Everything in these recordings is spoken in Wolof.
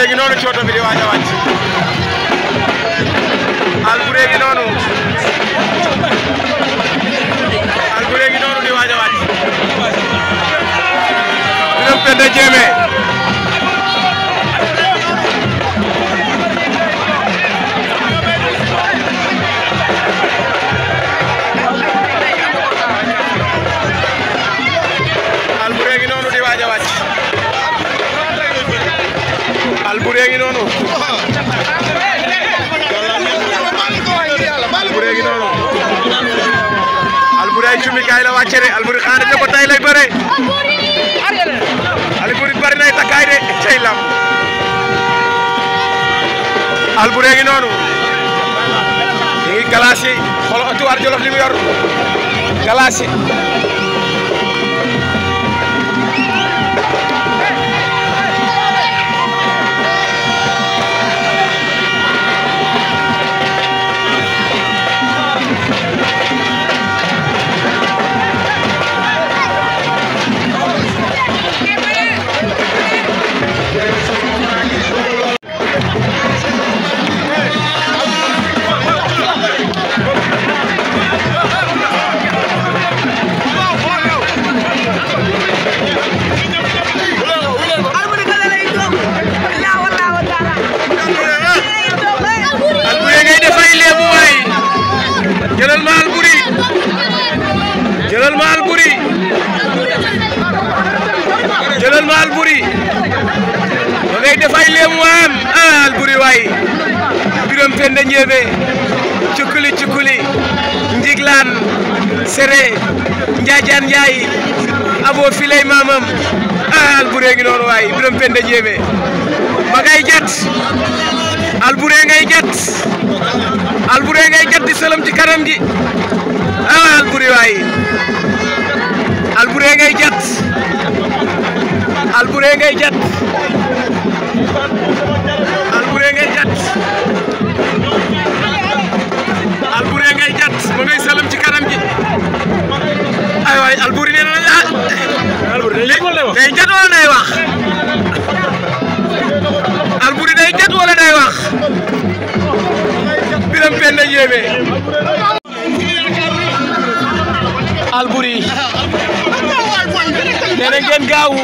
Alburé gi noonu cooto bi waaj a wàcc noonu di waaj waaj Alboury ngi noonu Alboury ngi noonu Alboury ay cumikaay la wàcce de Alboury xaar ne ko tay lay bëre Alboury bari nay takkaay de cey lam Alboury ngi noonu ñu ngi galaas yi xool otuwaar Jolof li mu yor galaas yi dafay leem waan al buri waay biram penda njéeme cukuli cukuli njiglaan sere njaajaan njaay abo filay maamam al buri ngi waay biram penda njéeme ma jat al buri ngay jat al buri ngay jat di sëlëm ci kanam gi al buri waay al buri ngay jat al buri ngay jat Alboury ngay jat Alboury ngay jat ma ngay sëlëm ci kanam gi ay waay Alboury nee na ah. Alboury day jat wala day jat wala day wax Alboury day jat wala day wax Birame Penda Ndiémé Alboury nee na ngeen gaawu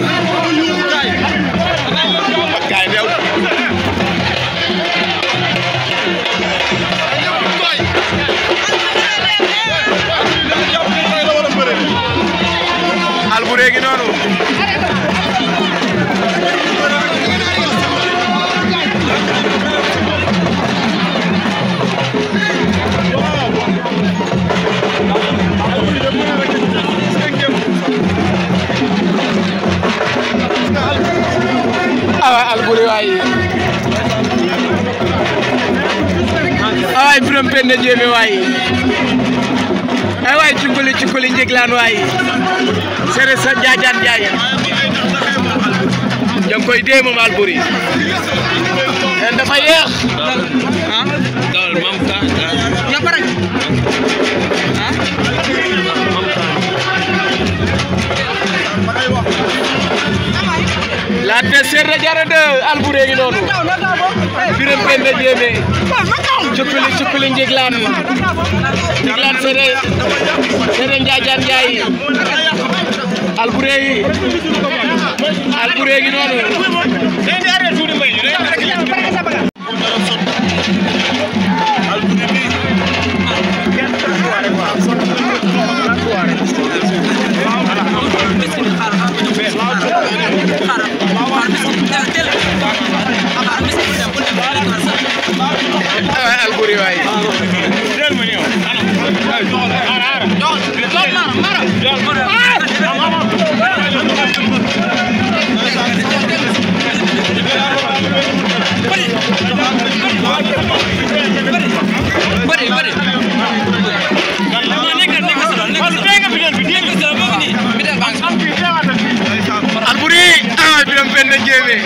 biram pen na jéeme waay ay waay cukkuli laat ne seer na de Alboury ngi noonu biram pen na cukkuli cukkuli njiglaan njiglaan sere sere njaajaan njaayi albureyi albureyi noonu nene are tuuri mbay Alboury ah Birame Penda Ndiémé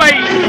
bay